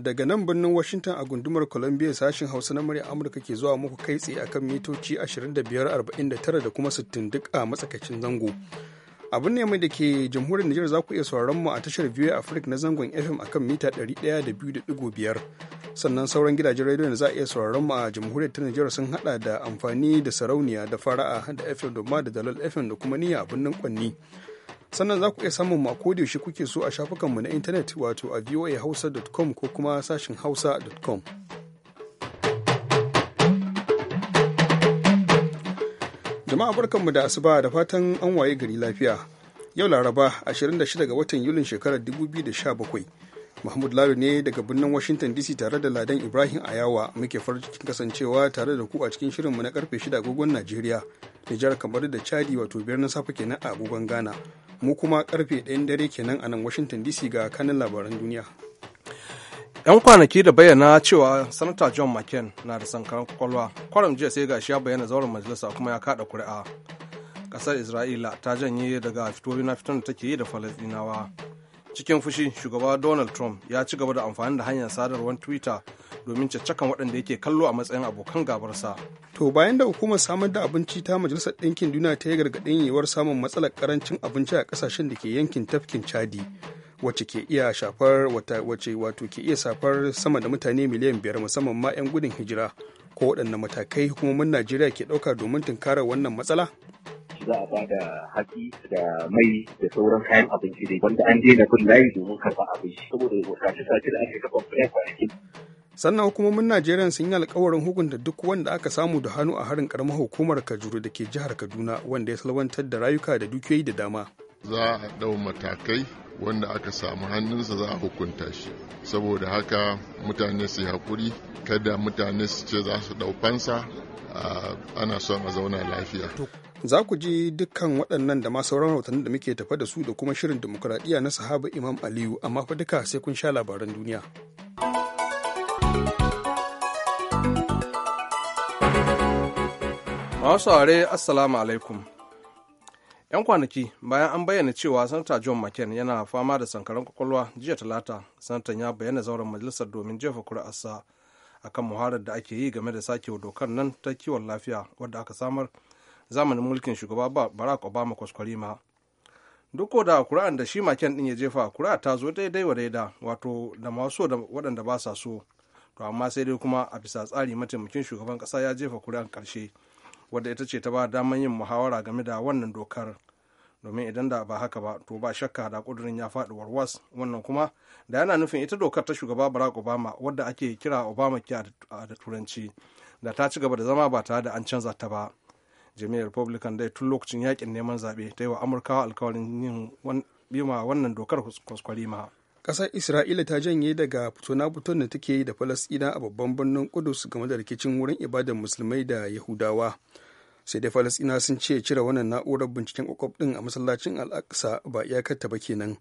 daga nan birnin Washington a gundumar Columbia sashen Hausa na murya Amurka ke zuwa muku kai tsaye akan mitoci 2549 da kuma 60 duk a matsakaicin zango. Abin ne mai da ke jamhuriyar Nijar za ku iya sauraron mu a tashar VOA Africa na zangon FM akan mita 102.5 sannan sauran gidajen rediyon da za a iya sauraron mu a jamhuriyar ta Nijar sun hada da amfani da sarauniya da fara'a da FM da ma da dalal FM da kuma niyya a birnin Kwanni. sannan za ku iya samun ma ko yaushe kuke so a shafukanmu na intanet wato a voahausa.com ko kuma sashin hausa.com jama'a barkanmu da asuba da fatan an waye gari lafiya yau laraba 26 ga watan yulin shekarar 2017 mahmud lalo ne daga birnin washington dc tare da ladan ibrahim ayawa muke farcikin kasancewa tare da ku a cikin shirinmu na karfe 6 agogon najeriya nijar kamar da chadi wato biyar na safe kenan a agogon ghana mu kuma karfe ɗayan dare kenan a nan washington dc ga kanin labaran duniya yan kwanaki da bayyana cewa sanata john mccain na da sankaran kwakwalwa kwaram jiya sai gashi ya bayyana zauren majalisa kuma ya kada kuri'a kasar isra'ila ta janye daga fitowi na fiton da take yi da falasdinawa cikin fushi shugaba donald trump ya ci gaba da amfani da hanyar sadarwar twitter domin caccakan waɗanda yake kallo a matsayin abokan gabarsa. To bayan da hukumar samar da abinci ta Majalisar Ɗinkin Duniya ta yi gargaɗin yiwuwar samun matsalar karancin abinci a ƙasashen da ke yankin tafkin Chadi. wacce ke iya shafar wace wato ke iya safar sama da mutane miliyan biyar musamman ma 'yan gudun hijira ko waɗanne matakai hukumomin najeriya ke ɗauka domin tunkarar wannan matsala za a bada haki da mai da sauran kayan abinci dai wanda an daina kun layi domin karɓar abinci saboda wasace sace da ake kafa kuɗi kwanakin sannan hukumomin najeriya sun yi alkawarin hukunta duk wanda aka samu da hannu a harin karamar hukumar kajuru da ke jihar kaduna wanda ya salwantar da rayuka da dukiyoyi da dama za a ɗau matakai wanda aka samu hannunsa za a hukunta shi saboda haka mutane su yi haƙuri kada mutane su ce za su ɗau fansa ana son a zauna lafiya za ku ji dukkan waɗannan da ma sauran rahotannin da muke tafa da su da kuma shirin dimokuraɗiyya na sahaba imam aliyu amma fa duka sai kun sha labaran duniya Masu are Assalamu alaikum. 'Yan kwanaki bayan an bayyana cewa Sanata John McCain yana fama da sankaran kwakwalwa jiya talata, Sanatan ya bayyana zauren majalisar domin jefa kuri'arsa a kan muharar da ake yi game da sake dokar nan ta kiwon lafiya wadda aka samar zamanin mulkin shugaba Barack Obama kwaskwarima. Duk da kura'an da shi McCain din ya jefa, kuri'a ta zo daidai wa daida wato da masu waɗanda ba sa so. To amma sai dai kuma a bisa tsari mataimakin shugaban ƙasa ya jefa kura'an ƙarshe. wadda ita ce ta ba daman yin muhawara game da wannan dokar domin idan da ba haka ba to ba shakka da kudurin ya faɗi warwas wannan kuma da yana nufin ita dokar ta shugaba barack obama wadda ake kira obama ke a da turanci da ta ci gaba da zama ba tare da an canza ta ba jami'ar republican dai tun lokacin yakin neman zaɓe ta yi wa amurkawa alkawarin yin bima wannan dokar kwaskwarima ƙasar isra'ila ta janye daga fito fiton da take yi da falasɗina a babban birnin kudus game da rikicin wurin ibadar musulmai da yahudawa sai dai falasɗina sun ce cire wannan na'urar binciken kwakwaf ɗin a masallacin al'aqsa ba iyakarta ba kenan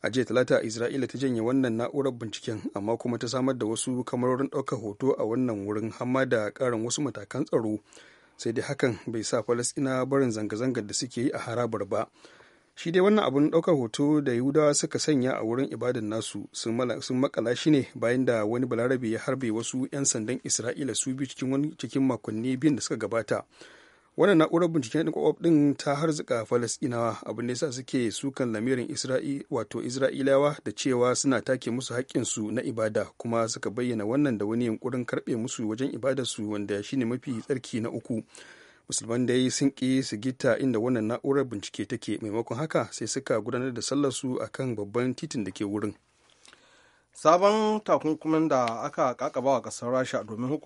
a jiya talata isra'ila ta janye wannan na'urar binciken amma kuma ta samar da wasu kamarorin ɗaukar hoto a wannan wurin hamma da ƙarin wasu matakan tsaro sai dai hakan bai sa falasɗina barin zanga-zangar da suke yi a harabar ba shi dai wannan abun ɗaukar hoto da yahudawa suka sanya a wurin ibadan nasu sun makala shi ne bayan da wani balarabe ya harbe wasu 'yan sandan isra'ila su biyu cikin wani cikin makonni biyun da suka gabata wannan na'urar binciken kwakwaf ɗin ta harzuka falasɗinawa abin da yasa suke sukan lamirin isra'i wato isra'ilawa da cewa suna take musu su na ibada kuma suka bayyana wannan da wani yunkurin karɓe musu wajen ibadarsu wanda shine mafi tsarki na uku musulman da yi sun ƙi su gita inda wannan na'urar bincike take maimakon haka sai suka gudanar da sallarsu a kan babban titin da ke wurin sabon takunkumin da aka kakaba wa kasar rasha domin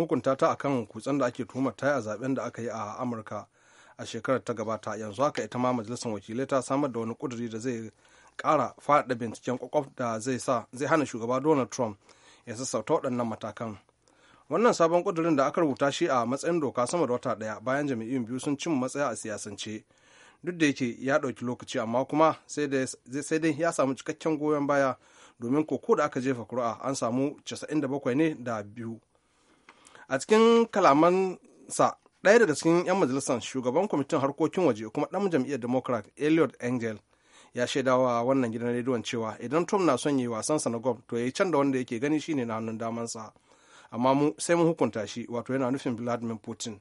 hukunta ta akan kutsen da ake tuhumar ta a zaben da aka yi a amurka a shekarar ta gabata yanzu haka ita ma majalisar wakilai ta samar da wani kuduri da zai kara faɗa binciken kwakwaf da zai sa zai hana shugaba donald trump ya sassauta waɗannan matakan wannan sabon kudurin da aka rubuta shi a matsayin doka sama da wata daya bayan jami'in biyu sun cin matsaya a siyasance duk da yake ya dauki lokaci amma kuma sai dai ya samu cikakken goyon baya domin koko da aka jefa kuri'a an samu 97 ne da biyu a cikin kalaman sa ɗaya daga cikin 'yan majalisar shugaban kwamitin harkokin waje kuma ɗan jam'iyyar democrat elliot engel ya shaidawa wannan gidan rediyon cewa idan tom na son yi wasansa na gwam to ya yi can da wanda yake gani shine na hannun damansa. sa amma mu sai mun hukunta shi wato yana nufin vladimir putin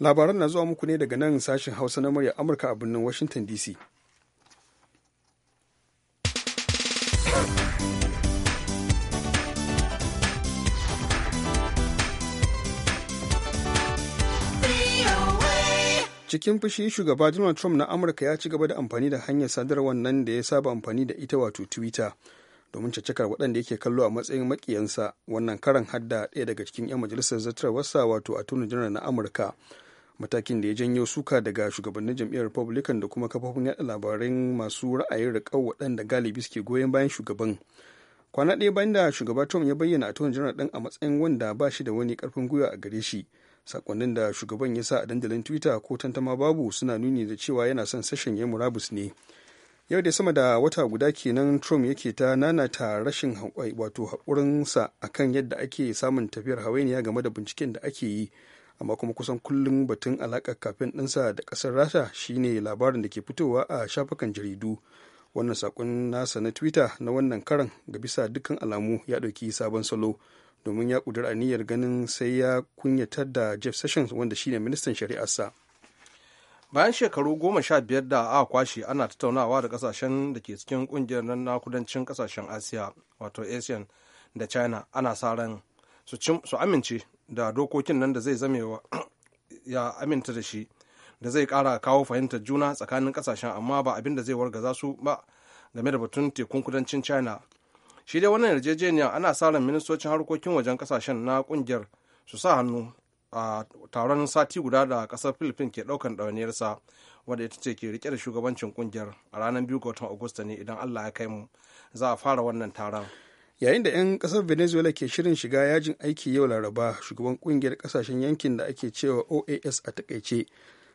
labaran na zuwa muku ne daga nan sashen hausa na murya amurka a birnin washington dc cikin fushi shugaba donald trump na amurka ya ci gaba da amfani da hanyar sadarwar nan da ya saba amfani da ita wato twitter domin caccakar waɗanda yake kallo a matsayin makiyansa wannan karan hadda ɗaya daga cikin 'yan majalisar zartarwarsa wato a tunu janar na amurka matakin da ya janyo suka daga shugabannin jam'iyyar republican da kuma kafofin yaɗa labarin masu ra'ayin riƙau waɗanda galibi suke goyon bayan shugaban kwana ɗaya bayan da shugaba trump ya bayyana a tunu janar ɗin a matsayin wanda ba shi da wani ƙarfin gwiwa a gare shi sakonnin da shugaban ya sa a dandalin twitter ko tantama babu suna nuni da cewa yana son sashen ya murabus ne yau da sama da wata guda kenan trump yake ta nanata rashin wato haƙurinsa kan yadda ake samun tafiyar hawainiya game da binciken da ake yi amma kuma kusan kullum batun alaƙa kafin ɗinsa da ƙasar rasha shine labarin da ke fitowa a shafukan jaridu wannan saƙon nasa na twitter na wannan karan ga bisa dukkan alamu ya ɗauki sabon salo domin ya ƙudura aniyar ganin sai ya kunyatar da jeff sessions wanda shine ministan shari'arsa. bayan shekaru goma sha biyar da aka kwashe ana tattaunawa da kasashen da ke cikin kungiyar nan na kudancin kasashen asiya wato asian da china ana sa ran su amince da dokokin nan da zai zame ya aminta da shi da zai kara kawo fahimtar juna tsakanin kasashen amma ba abin da zai wargaza su ba game da batun tekun kudancin china shi dai wannan yarjejeniya ana sa ran ministocin harkokin wajen kasashen na kungiyar su sa hannu a taron sati guda da kasar philippines ke daukan ɗawainiyarsa wadda ita ce ke rike da shugabancin kungiyar a ranar biyu ga watan agusta ne idan allah ya kai mu za a fara wannan taron yayin da 'yan kasar venezuela ke shirin shiga yajin aiki yau laraba shugaban kungiyar kasashen yankin da ake cewa oas a takaice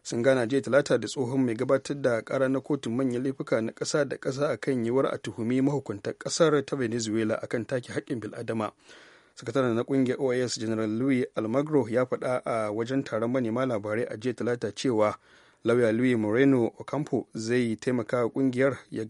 sun gana jiya talata da tsohon mai gabatar da kara na kotun manyan laifuka na kasa da kasa akan yiwuwar a tuhumi mahukuntar ƙasar ta venezuela akan take haƙƙin bil'adama sakatare na kungiyar oas general louis almagro ya faɗa a wajen taron manema labarai a jiya talata cewa lauya louis moreno ocampo zai taimaka wa kungiyar ya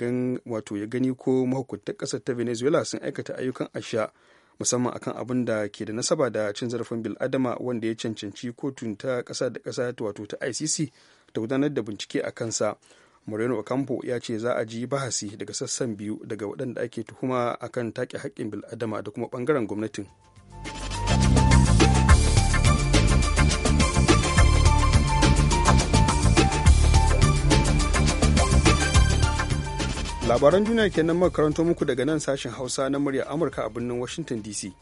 wato ya gani ko mahukuntan ƙasar ta venezuela sun aikata ayyukan asha musamman akan abin da ke da nasaba da cin zarafin bil adama wanda ya cancanci kotun ta ƙasa da ƙasa wato ta icc ta gudanar da bincike a kansa moreno ocampo ya ce za a ji bahasi daga sassan biyu daga waɗanda ake tuhuma akan take haƙƙin bil'adama da kuma ɓangaren gwamnatin labaran duniya kenan muka karanto muku daga nan sashen hausa na murya amurka a birnin washington dc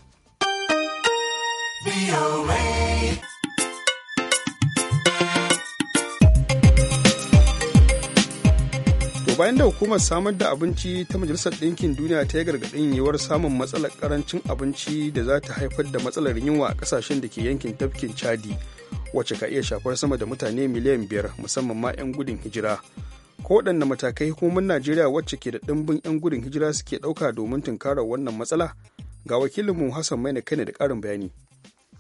bayan da hukumar samar da abinci ta majalisar ɗinkin duniya ta yi gargaɗin yiwuwar samun matsalar karancin abinci da za ta haifar da matsalar yunwa a kasashen da ke yankin tafkin chadi wacce ka iya shafar sama da mutane miliyan biyar musamman ma 'yan gudun hijira ko waɗanne matakai hukumar najeriya wacce ke da ɗimbin 'yan gudun hijira suke ɗauka domin tunkarar wannan matsala ga wakilinmu hassan maina kane da ƙarin bayani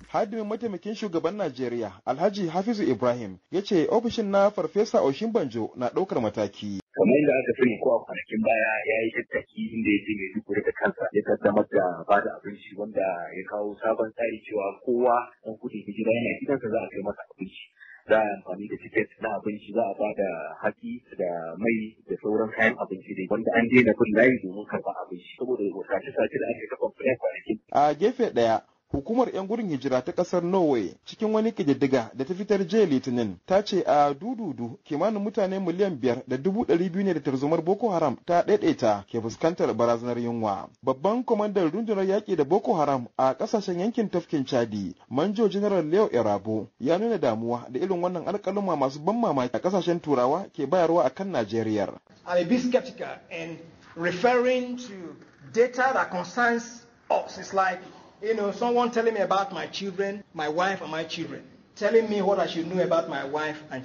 hadimin mataimakin shugaban Najeriya Alhaji Hafizu Ibrahim ya ce ofishin na Farfesa Oshin Banjo na ɗaukar mataki kamar yadda aka sani ko a kwanakin baya ya yi tattaki inda ya ce mai duk da kansa ya kaddamar da ba da abinci wanda ya kawo sabon tsari cewa kowa ɗan kuɗi hijira yana gidansa za a kai masa abinci za a amfani da tiket na abinci za a ba da haki da mai da sauran kayan abinci dai wanda an daina bin layi domin karɓar abinci saboda sace-sace da ake kafa a kwanakin. a gefe ɗaya Hukumar 'yan gudun hijira ta ƙasar Norway cikin wani kididdiga da ta fitar jiya Litinin ta ce a dududu kimanin mutane miliyan biyar da dubu ɗari biyu ne da tarzomar Boko Haram ta ɗaiɗaita ke fuskantar barazanar yunwa. Babban kwamandan rundunar yaƙi da Boko Haram a ƙasashen yankin tafkin Chadi, Manjo General Leo Erabo ya nuna damuwa da irin wannan alƙaluma masu ban mamaki a ƙasashen Turawa ke bayarwa kan Najeriya. I'm a bit skeptical in referring to data that concerns us. It's like you know, someone telling me about my children, my wife and my children.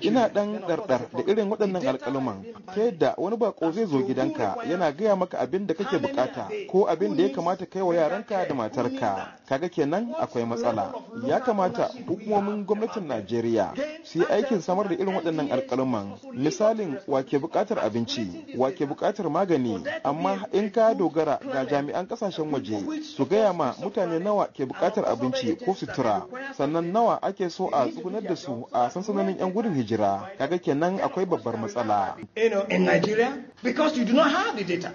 Ina ɗan ɗarɗar da irin waɗannan alƙaluman ta yadda wani bako zai zo gidanka yana gaya maka abin da kake bukata ko abin da ya kamata kai wa yaranka da matarka. Kaga kenan akwai matsala. Ya kamata hukumomin gwamnatin Najeriya su yi aikin samar da irin waɗannan alƙaluman. Misalin wake buƙatar abinci, wake buƙatar magani, amma in ka dogara ga jami'an ƙasashen waje su gaya ma mutane nawa ke buƙatar abinci ko sutura, sannan nawa ake so a a tsugunar da su a sansanonin 'yan gudun hijira kaga kenan akwai babbar matsala.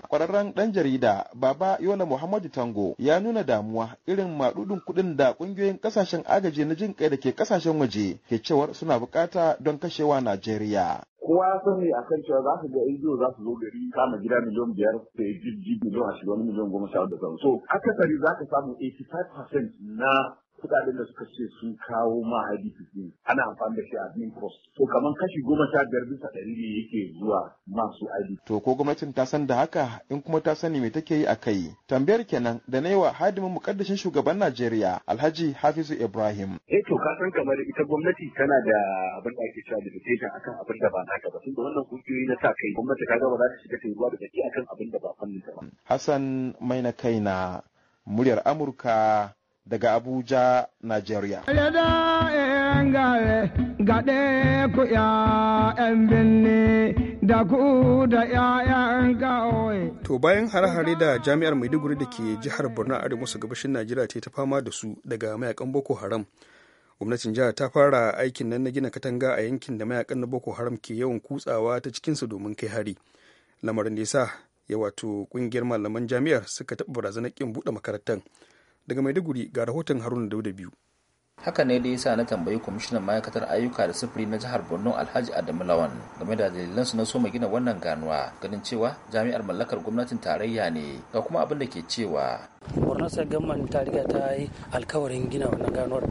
Kwararren dan jarida Baba Yola Muhammadu Tango ya nuna damuwa irin maɗuɗin kuɗin da ƙungiyoyin kasashen agaji na jin kai da ke kasashen waje ke cewar suna bukata don kashewa Najeriya. kowa ya sani a kan cewa za ka ga ido za su zo gari kama gida miliyon biyar da jirgi miliyon ashirin wani miliyon goma sha da so akasari za ka samu 85% na kudaden da suka ce sun kawo ma hadisi ana amfani da shi a bin cost to kaman kashi goma sha biyar bisa ɗari ne yake zuwa masu aiki. To ko gwamnatin ta san da haka in kuma ta sani me take yi a kai tambayar kenan da na yi wa hadimin mukaddashin shugaban Najeriya Alhaji Hafizu Ibrahim. Eh to ka san kamar ita gwamnati tana da abin da ake cewa ta akan abin da ba naka ba tunda wannan kungiyoyi na sa kai gwamnati kaga ba za ta shiga ta ruwa da tsaki akan abin da ba fannin ta ba. Hassan mai kai Kaina muryar Amurka daga Abuja, Najeriya. To bayan hare-hare da jami'ar Maiduguri da ke jihar Borno arewa maso gabashin Najeriya ta ta fama da su daga mayakan Boko Haram. Gwamnatin jihar ta fara aikin nan na gina katanga a yankin da mayakan na Boko Haram ke yawan kutsawa ta cikinsa domin kai hari. Lamarin da ya sa ya wato kungiyar malaman jami'ar suka taɓa barazanar ƙin buɗe makarantar. daga maiduguri ga rahoton haruna dauda biyu haka ne da ya sa na tambayi kwamishinan ma'aikatar ayyuka da sufuri na jihar borno alhaji adamu lawan game da dalilan su na soma gina wannan ganuwa ganin cewa jami'ar mallakar gwamnatin tarayya ne ga kuma abin da ke cewa borno sai gamman ta riga ta yi alkawarin gina wannan ganuwar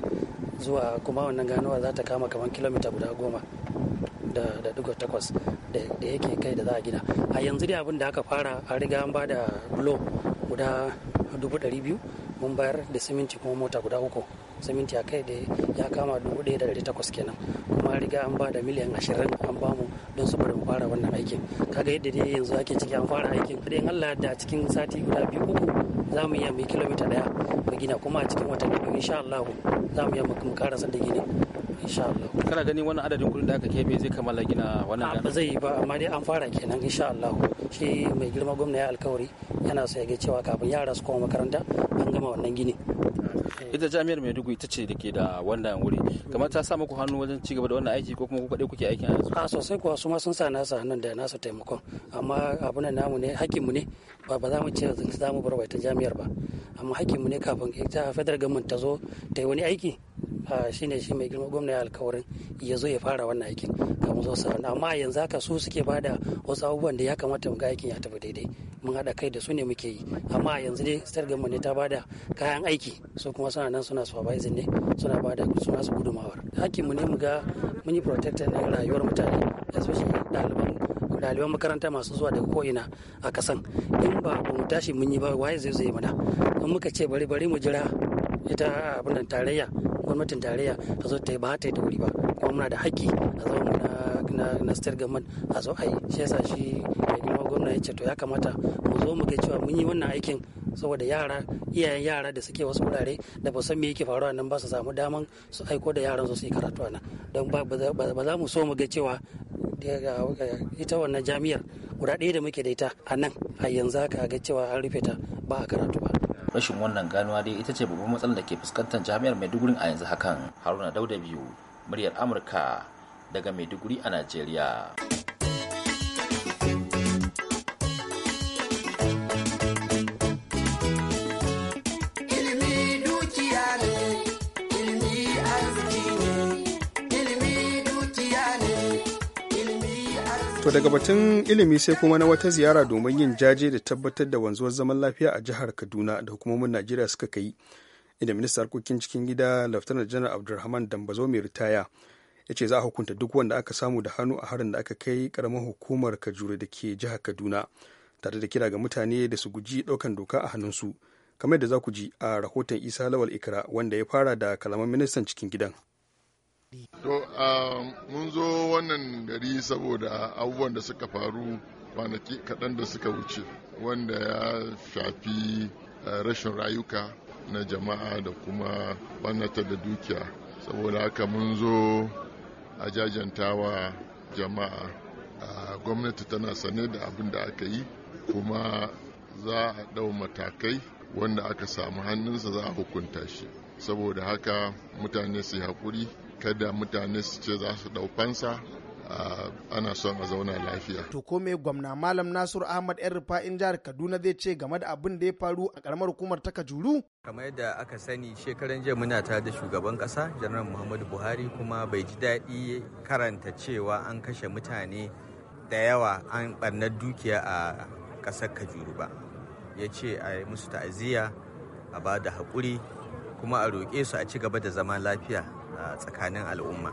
zuwa kuma wannan ganuwa za ta kama kamar kilomita guda goma da digo takwas da yake kai da za a gina a yanzu dai abin da aka fara a riga an ba da bulo guda dubu mun bayar da siminti kuma mota guda uku siminti a kai da ya kama dubu ɗaya da ɗari takwas kenan kuma riga an ba da miliyan ashirin an ba mu don su bari mu fara wannan aikin kaga yadda dai yanzu ake ciki an fara aikin in allah da cikin sati guda biyu uku za mu iya mu kilomita ɗaya mu gina kuma a cikin watanni biyu insha allah za mu iya mu karasa sanda gini insha Allah kana gani wannan adadin kudin da aka kebe zai kammala gina wannan ba zai yi ba amma dai an fara kenan insha Allah shi mai girma gwamna ya alkawari Kana sa ya cewa kafin yara su koma makaranta an gama wannan gini ita jami'ar maiduguri ita ce da ke da wannan wuri kamar ta sa muku hannu wajen cigaba da wannan aiki ko kuma kuka kuke aikin a yanzu a sosai kuwa su ma sun sa nasa hannun da nasa taimakon amma abu na namu ne hakkinmu ne ba ba za mu ce za mu bar jami'ar ba amma mu ne kafin ita federal government ta zo ta yi wani aiki shine shi mai girma gwamna ya alkawarin ya zo ya fara wannan aikin kamar zo sa amma yanzu haka su suke da wasu abubuwan da ya kamata mu ga aikin ya tafi daidai mun haɗa kai da su ne muke yi amma yanzu dai sitar gama ne ta bada kayan aiki su kuma suna nan suna supervising ne suna bada suna su gudumawar hakkin mu ne mu ga mun yi protector na rayuwar mutane especially ɗaliban ɗaliban makaranta masu zuwa daga ko'ina a kasan in ba mu tashi mun yi ba waye zai zai mana in muka ce bari bari mu jira ita abin tarayya gwamnatin tarayya ta zo ta yi ba ta yi da ba kuma muna da haƙƙi a zama na na state government a zo a shi yasa shi gwamna ya ce to ya kamata mu zo mu ga cewa mun yi wannan aikin saboda yara iyayen yara da suke wasu wurare da ba san me yake faruwa nan ba su samu daman su aiko da yaran su su yi karatu a nan don ba za mu so mu ga cewa ita wannan jami'ar guda ɗaya da muke da ita a nan a yanzu haka ga cewa an rufe ta ba a karatu ba rashin wannan ganuwa dai ita ce babban matsalar da ke fuskantar jami'ar maiduguri a yanzu hakan haruna dauda biyu muryar amurka daga maiduguri a najeriya To daga batun ilimi sai kuma na wata ziyara domin yin jaje da tabbatar da wanzuwar zaman lafiya a jihar Kaduna da hukumomin Najeriya suka kai. Inda minista harkokin cikin gida Laftanar Janar Abdulrahman Dambazo mai ritaya ya ce za a hukunta duk wanda aka samu da hannu a harin da aka kai karamar hukumar Kajure da ke jihar Kaduna tare da kira ga mutane da su guji ɗaukan doka a hannunsu. Kamar da za ku ji a rahoton Isa Lawal Ikra wanda ya fara da kalaman ministan cikin gidan. To mun zo wannan gari saboda abubuwan da suka faru kwanaki kaɗan da suka wuce wanda ya shafi eh, rashin rayuka na jama'a da kuma ɓannata da dukiya saboda haka mun zo a jajantawa jama'a gwamnati tana sane da abin da aka yi kuma za a ɗau matakai wanda aka samu hannunsa za a hukunta shi saboda haka mutane su haƙuri kada mutane su ce za su ɗaukansa ana son a zauna lafiya. To kome gwamna Malam Nasiru Ahmad ‘yan in jihar Kaduna zai ce game da abin da ya faru a karamar hukumar ta Kajuru? Kamar yadda aka sani shekaran jiya muna tare da shugaban ƙasa, Janar Muhammadu Buhari kuma bai ji daɗi karanta cewa an kashe mutane da yawa an ɓarnar dukiya a ƙasar Kajuru ba. Ya ce a yi musu ta'aziyya a ba da haƙuri kuma a roƙe su a ci gaba da zama lafiya tsakanin al'umma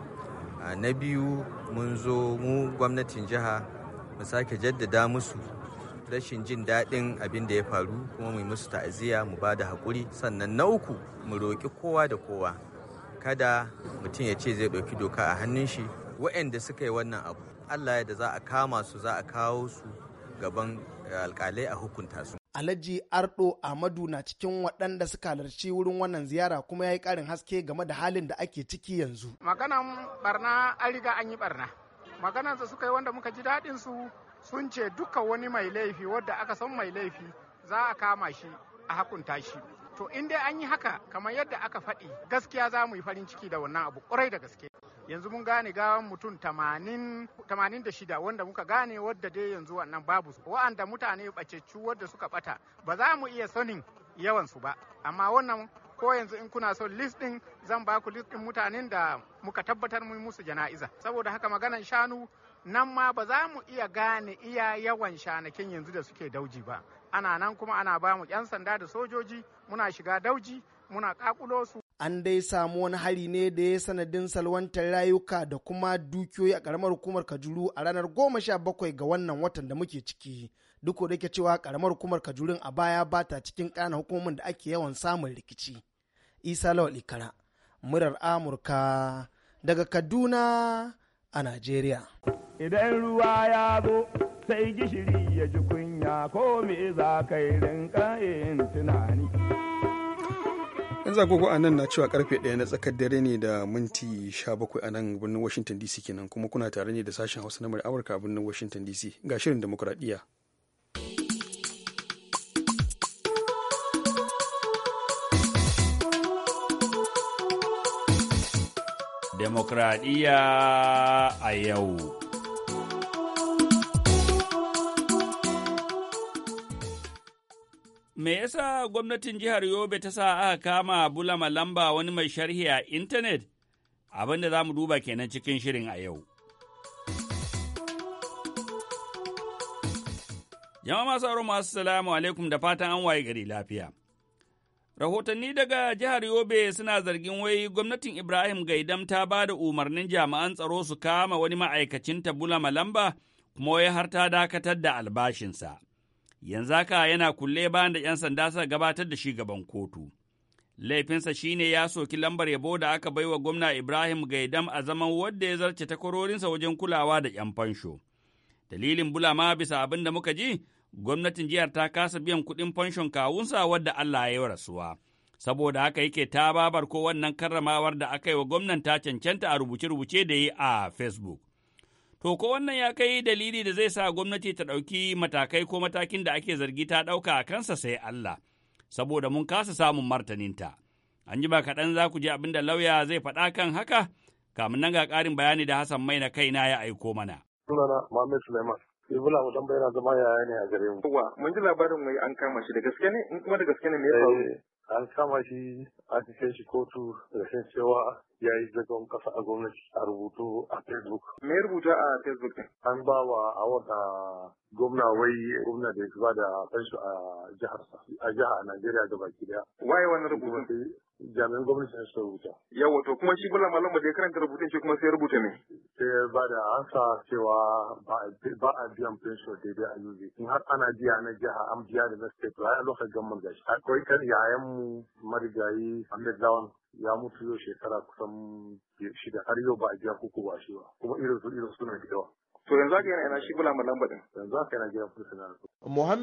na biyu mun zo mu gwamnatin jiha mu sake jaddada musu rashin jin daɗin abin da ya faru kuma mu musu ta'aziyya mu ba da haƙuri sannan na uku mu roƙi kowa da kowa kada mutum ya ce zai ɗauki doka a hannun shi waɗanda suka yi wannan abu allah ya da za a kama su za a kawo su gaban eh, alƙalai a hukunta su Alhaji Ardo Amadu na cikin waɗanda suka halarci wurin wannan ziyara kuma ya yi ƙarin haske game da halin da ake ciki yanzu. Maganan barna an riga an yi barna. su suka yi wanda muka ji daɗin su sun ce duka wani mai laifi wadda aka san mai laifi za a kama shi a hakunta shi. To in dai an yi haka kamar yadda aka faɗi gaskiya za mu yi farin ciki da wannan abu ƙwarai da gaske. yanzu mun gane gawan mutum tamanin da shida wanda muka gane wadda dai yanzu wannan babu wa'anda mutane baceccu wadda suka bata ba za mu iya sanin yawansu ba amma wannan ko yanzu in kuna son list zan ba ku list mutanen da muka tabbatar mun musu jana'iza saboda haka maganan shanu nan ma ba za mu iya gane iya yawan shanakin yanzu da suke dauji ba ana nan kuma ana ba mu 'yan sanda da sojoji muna shiga dauji muna kakulo su an dai samu wani hari ne da ya sanadin salwantar rayuka da kuma dukiyoyi a karamar hukumar kajuru a ranar goma sha bakwai ga wannan watan da muke ciki duk da ke cewa karamar hukumar kajurin a baya ba ta cikin kana hukumomin da ake yawan samun rikici isa lawal ikara murar amurka daga kaduna a najeriya idan ruwa ya zo sai gishiri ya ji kunya ko me za ka yi rinka yin tunani yanzu agogo a nan na cewa karfe ɗaya na tsakar dare ne da minti 17 a nan birnin washington dc kenan kuma kuna tare ne da sashen hausa na amurka a birnin washington dc ga shirin demokuraɗiyya demokuraɗiyya a yau. Me yasa gwamnatin jihar Yobe ta sa aka kama Bulama Lamba wani mai sharhi a intanet? Abin da za mu duba kenan cikin shirin a yau. Jama'a masu masu salamu alaikum da fatan an waye gari lafiya. Rahotanni daga jihar Yobe suna zargin wai gwamnatin Ibrahim Gaidam ta ba da umarnin jami'an tsaro su kama wani ma'aikacin Bulama Lamba kuma wai har ta dakatar da albashinsa. yanzu haka yana kulle bayan da 'yan sanda suka gabatar da shi gaban kotu. Laifinsa shi ne ya soki lambar yabo da aka bai wa gwamna Ibrahim Gaidam a zaman wadda ya zarce takwarorinsa wajen kulawa da 'yan fansho. Dalilin bulama bisa abin da muka ji, gwamnatin jihar ta kasa biyan kuɗin fanshon kawunsa wadda Allah ya yi rasuwa. Saboda haka yake ta babar ko wannan karramawar da aka yi wa gwamnan ta cancanta a rubuce-rubuce da yi a Facebook. To, ko wannan ya kai dalili da zai sa gwamnati ta ɗauki matakai ko matakin da ake zargi ta ɗauka a kansa sai Allah, saboda mun kasa samun martaninta. An ji ba kaɗan za ku ji abin da lauya zai faɗa kan haka, kamun nan ga ƙarin bayani da Hassan Mai na kaina ya aiko mana. Sunana Ibula bai na zama yaya ne a gare mu. kuma da gaske ne me ya faru? Eh, an kama shi, an kai shi kotu da cewa ya yi zagon kasa a gwamnati a rubutu a facebook me rubuta a facebook an ba wa wata gwamna wai gwamna da ya ba da kanshi a jihar a jihar a najeriya gaba ki daya waye wani rubutu jami'an gwamnati na suka rubuta. Yawa to kuma shi bala malam da ya karanta rubutun shi kuma sai rubuta ne. Sai ba da ansa cewa ba a biyan pension daidai a yuzi. In har ana biya na jiha an biya da na state ba a lokacin gamman gashi. Akwai kan mu marigayi Ahmed Lawan ya mutu yau shekara kusan shida har yau ba a biya kuku ba shi ba kuma irin su irin suna da yawa. To yanzu yana yana shi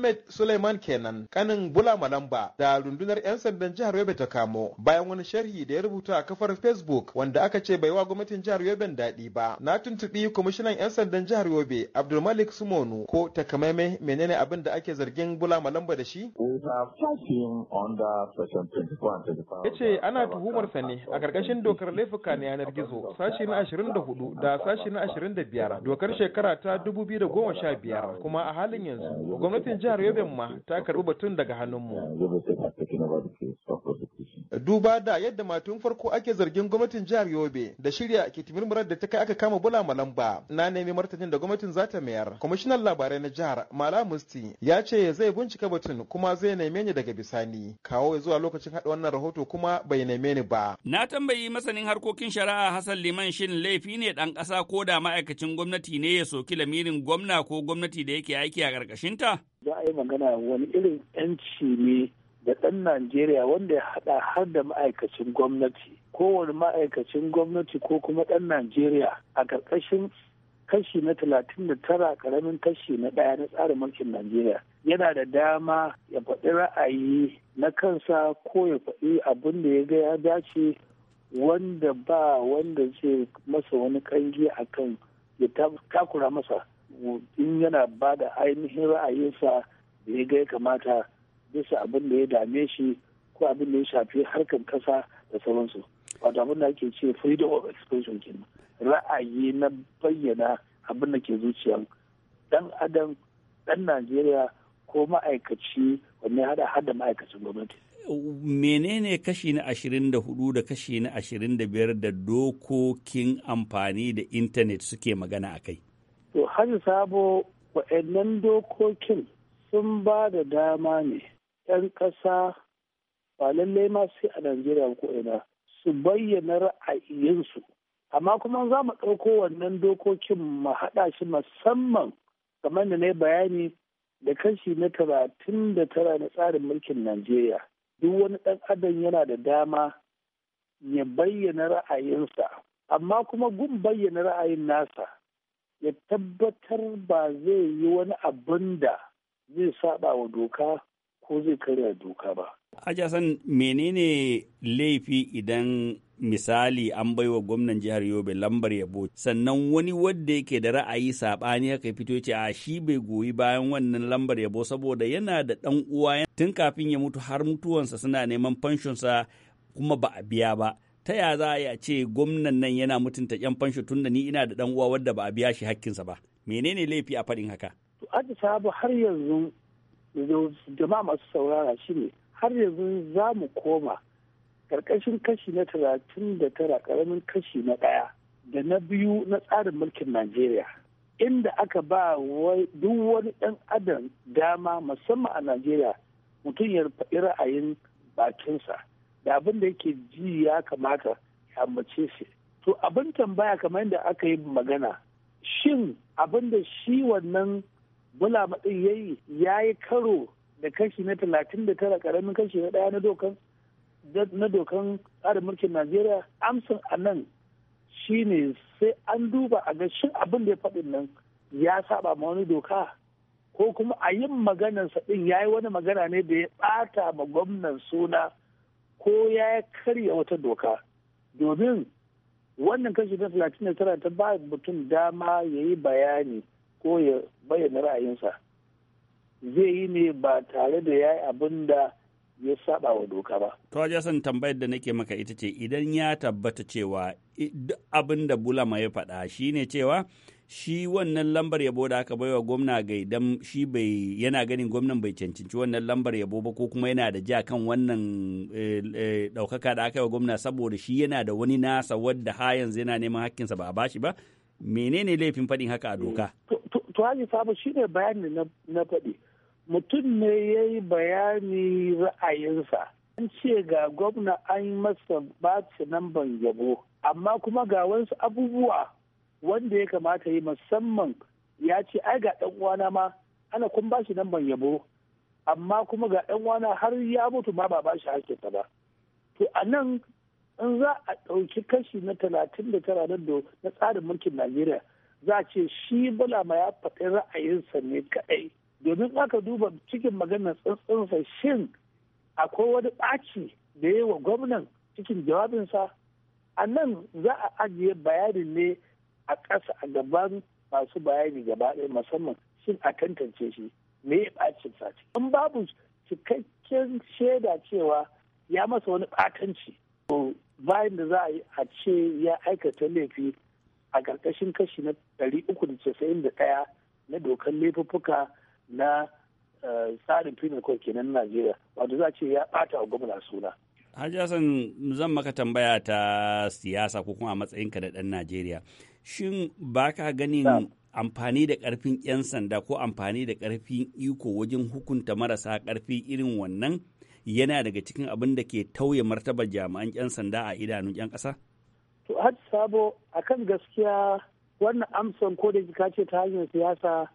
din. Suleiman kenan kanin Bula Malamba da rundunar 'yan sandan jihar Yobe ta kamo bayan wani sharhi da ya rubuta a kafar Facebook wanda aka ce bai wa gwamnatin jihar Yobe daɗi ba. Na tuntuɓi kwamishinan 'yan sandan jihar Yobe Abdulmalik Sumonu ko takamaime menene abin da ake zargin Bula Malamba da shi? Ya ce ana tuhumarsa ne a ƙarƙashin dokar laifuka na yanar gizo sashi na 24 da sashi na 25 dokar shekaru shekara ta 2015 kuma a halin yanzu gwamnatin jihar Yobe ma ta karbi batun daga hannunmu. duba da yadda matun farko ake zargin gwamnatin jihar Yobe da shirya kitimin murar da ta kai aka kama Bula Malamba na nemi martanin da gwamnatin za ta mayar kwamishinan labarai na jihar Mala Musti ya ce zai bincika batun kuma zai neme ni daga bisani kawo ya zuwa lokacin haɗa wannan rahoto kuma bai neme ni ba na tambayi masanin harkokin shari'a Hassan Liman shin laifi ne dan ƙasa ko da ma'aikacin gwamnati ne ya soki lamirin gwamna ko gwamnati da yake aiki a ƙarƙashinta za a yi magana wani irin 'yanci ne da ɗan Najeriya wanda ya haɗa har da ma'aikacin gwamnati. Kowane ma'aikacin gwamnati ko kuma ɗan Najeriya a ƙarƙashin kashi na talatin da tara ƙaramin kashi na ɗaya na tsarin mulkin Najeriya yana da dama ya faɗi ra'ayi na kansa ko ya faɗi abin da ya ga ya dace wanda ba wanda zai masa wani kangi kan ya takura masa in yana ba da ainihin ra'ayinsa da ya ga ya kamata bisa abin da ya dame shi ko abin da ya shafi harkar kasa da sauransu wato abin da ake ce freedom of expression kenan ra'ayi na bayyana abin da ke zuciya dan adam dan najeriya ko ma'aikaci wanne hada hada ma'aikacin gwamnati menene kashi na ashirin da hudu da kashi na ashirin da biyar da dokokin amfani da intanet suke magana a kai to har sabo wa'annan dokokin sun ba da dama ne 'yan ƙasa ba lallai ma sai a Najeriya ko ina su bayyana ra'ayinsu. Amma kuma za mu ɗauko wannan dokokin mu haɗa shi musamman kamar da na yi bayani da kashi na talatin da tara na tsarin mulkin Najeriya. Duk wani ɗan adam yana da dama ya bayyana ra'ayinsa. Amma kuma gun bayyana ra'ayin nasa ya tabbatar ba zai yi wani abin da zai saɓa wa doka ko zai karya doka ba. Aja san menene laifi idan misali an baiwa gwamnan jihar Yobe lambar yabo sannan wani wadda yake da ra'ayi saɓani haka fito ce a shi bai goyi bayan wannan lambar yabo saboda yana da ɗan uwa tun kafin ya mutu har mutuwansa suna neman fanshonsa kuma ba a biya ba ta ya za a ce gwamnan nan yana mutunta yan fansho tun da ni ina da ɗan uwa wadda ba a biya shi hakkinsa ba menene laifi a faɗin haka. To Aji Sabu har yanzu jama'a masu saurara shine har yanzu za mu koma ƙarƙashin kashi na talatin da tara ƙaramin kashi na ɗaya da na biyu na tsarin mulkin najeriya inda aka ba duk wani ɗan adam dama musamman a najeriya mutum ya faɗi ra'ayin bakinsa da abin da yake ji ya kamata ya mace shi to abin tambaya kamar yadda aka yi magana shin abin da shi wannan bula matsin yayi ya yi karo da kashi na talatin da tara karamin kashi na ɗaya na dokan tsarin mulkin najeriya amsan a nan shine sai an duba a ga shin abin da ya faɗin nan ya saba ma wani doka ko kuma a yin maganarsa ɗin ya yi wani magana ne da ya ɓata ma gwamnan suna ko ya karya wata doka domin wannan kashi na talatin da tara ta ba mutum dama ya yi bayani ko ya bayyana ra'ayinsa zai yi ne ba tare da ya yi abin da ya saba wa doka ba. To jasan tambayar da nake maka ita ce idan ya tabbata cewa abin da Bulama ya faɗa shi ne cewa shi wannan lambar yabo da aka baiwa gwamna ga idan shi bai yana ganin gwamnan bai cancanci wannan lambar yabo ba ko kuma yana da ja kan wannan eh, eh, ɗaukaka da aka yi wa gwamna saboda shi yana da wani nasa wadda ha yanzu yana neman hakkinsa ba a bashi ba menene laifin faɗin haka a doka eh, to hali sabu shi ne bayani na faɗi mutum ne ya yi bayani ra'ayinsa an ce ga gwamna an yi masa baci nan ban yabo amma kuma ga wasu abubuwa wanda ya kamata yi musamman ya ce ai ga ɗan uwana ma ana kun ba shi nan ban yabo amma kuma ga ɗan uwana har ya mutu ma ba ba shi hakkinsa ba to a nan in za a ɗauki kashi na talatin da tara na tsarin mulkin najeriya za a ce shi bulama ya faɗi ra'ayinsa ne kaɗai domin aka duba cikin maganar tsantsansa shin akwai wani ɓaci da ya wa gwamnan cikin jawabinsa a nan za a ajiye bayani ne a ƙasa a gaban masu bayani gaba ɗaya musamman shin a tantance shi me ya ɓacin sa in babu cikakken shaida cewa ya masa wani ɓatanci to bayan da za a ce ya aikata laifi a ƙarƙashin kashi na ɗari uku da da ɗaya na dokar laifuffuka na eh, tsarin penal code kenan Najeriya wato za a ce ya ɓata wa gwamna suna. Hajji Hassan zan maka tambaya ta siyasa ko kuma a matsayinka da ɗan Najeriya. Shin ba ka ganin amfani da ƙarfin 'yan sanda ko amfani da ƙarfin iko wajen hukunta marasa ƙarfi irin wannan yana daga cikin abin da ke tauye martabar jami'an 'yan sanda a idanun 'yan ƙasa? To, Hajji Sabo, a kan gaskiya wannan amsan ko da ka ce ta hanyar siyasa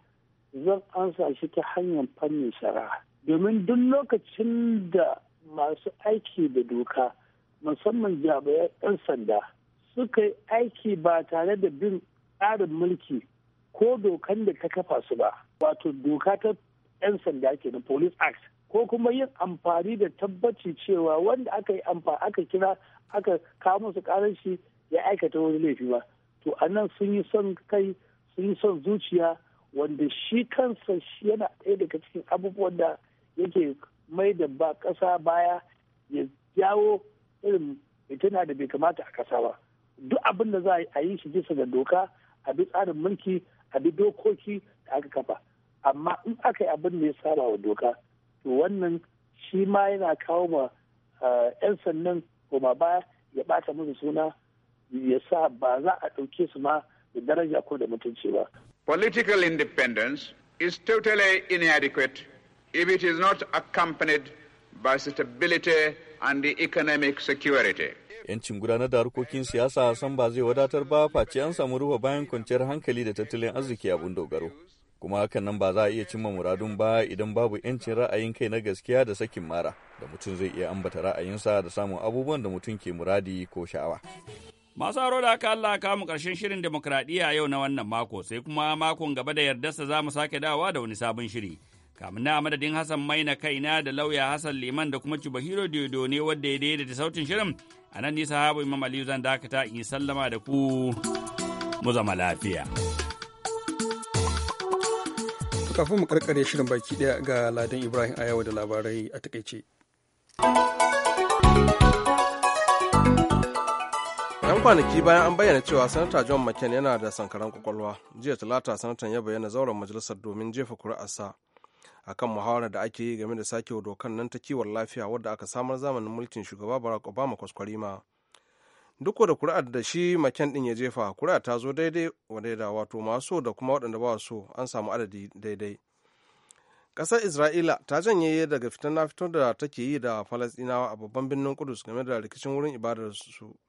zan amsa shi ta hanyar fannin shari'a. Domin duk lokacin da masu aiki da doka, musamman jami'an 'yan sanda, suka yi aiki ba tare da bin tsarin mulki ko dokan da ta kafa su ba, wato doka ta 'yan sanda ke na Police Act. ko kuma yin amfani da tabbaci cewa wanda aka yi aka kira aka kawo musu karar shi ya aikata wani laifi ba to anan sun yi son kai sun yi son zuciya wanda shi kansa shi yana ɗaya daga cikin abubuwan da yake mai da ba ƙasa baya ya jawo irin tana da bai kamata a ƙasa ba duk abin da za a yi shi bisa da doka a bi tsarin mulki a bi dokoki da aka kafa amma in aka yi abin da ya saba wa doka to wannan shi ma yana kawo ma 'yan sannan koma baya ya bata musu suna ya sa ba za a ɗauke su ma da daraja ko da mutunci ba. Political independence is totally inadequate if it is not accompanied by stability and the economic security. Yancin gudanar da harkokin siyasa san ba zai wadatar ba face an samu ruwa bayan kwanciyar hankali da tattalin arziki abun dogaro. kuma hakan nan ba za a iya cimma muradun ba idan babu yancin ra'ayin kai na gaskiya da sakin mara da mutum zai iya ambata ra'ayinsa da samun abubuwan da mutum ke muradi ko sha'awa. Masu haro da aka Allah kamu karshen shirin demokradiyya yau na wannan mako sai kuma makon gaba da yardarsa za mu sake dawa da wani sabon shiri. Kamun na madadin Hassan Maina kaina da lauya Hassan Liman da kuma Cibahiro dodo ne wadda ya daidaita sautin shirin. A nan nisa habu Imam Aliyu zan dakata in sallama da ku mu zama lafiya. kafin mu karkare shirin baki daya ga ladan ibrahim a yau da labarai a takaice yan kwanaki bayan an bayyana cewa sanata john mccain yana da sankaran kwakwalwa jiya talata sanatan ya bayyana zauren majalisar domin jefa kuri'arsa akan muhawarar da ake yi game da sake dokan nan ta kiwon lafiya wadda aka samar zamanin mulkin shugaba barack obama kwaskwarima duk da kuri'ar da shi maken din ya jefa kuri'a ta zo daidai wadaida wato masu da kuma waɗanda ba so an samu adadi daidai ƙasar isra'ila ta janye daga fitan na fito da take yi da falastinawa a babban birnin kudus game da rikicin wurin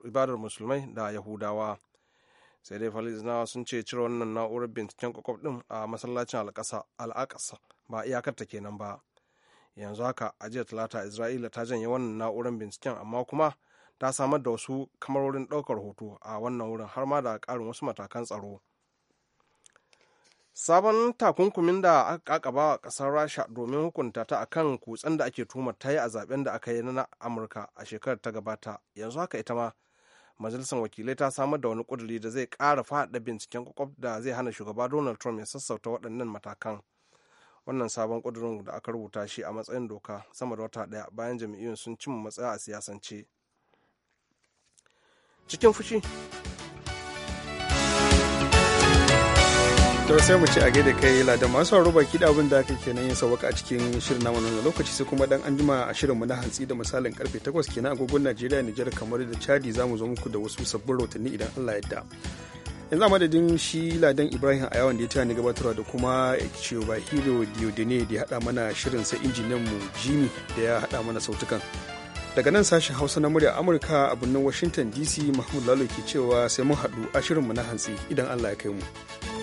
ibadar musulmai da yahudawa sai dai falastinawa sun ce cire wannan na'urar binciken kwakwab ɗin a masallacin al'aƙasa ba iyakar ta kenan ba yanzu haka a jiya talata isra'ila ta janye wannan na'urar binciken amma kuma ta samar da wasu kamarorin ɗaukar hoto a wannan wurin har ma da karin wasu matakan tsaro sabon takunkumin da aka kakaba a ƙasar rasha domin hukunta ta akan kutsen da ake tumar ta yi a zaben da aka yi na amurka a shekarar ta gabata yanzu haka ita ma majalisar wakilai ta samar da wani ƙuduri da zai ƙara faɗa binciken kwakwaf da zai hana shugaba donald trump ya sassauta waɗannan matakan wannan sabon ƙudurin da aka rubuta shi a matsayin doka sama da wata ɗaya bayan jam'iyyun sun cimma matsaya a siyasance cikin fushi to sai mu ci a gaida kai lada masu haro baki da abin da aka kenan yin sauwaka a cikin shirin na wannan lokaci sai kuma dan anjima a shirin mu na hantsi da misalin karfe 8 kenan agogon Najeriya Nijar kamar da Chadi zamu zo muku da wasu sabbin rahotanni idan Allah ya yarda yanzu a madadin shi ladan ibrahim a yawon da ya tana ni gabatarwa da kuma cewa bahiro diodene da ya haɗa mana shirin sai injiniyan mu jimmy da ya haɗa mana sautukan daga nan sashen hausa na murya amurka a birnin washington dc mahmud lalo ke cewa sai mun haɗu a shirinmu na hantsi idan allah ya kai mu.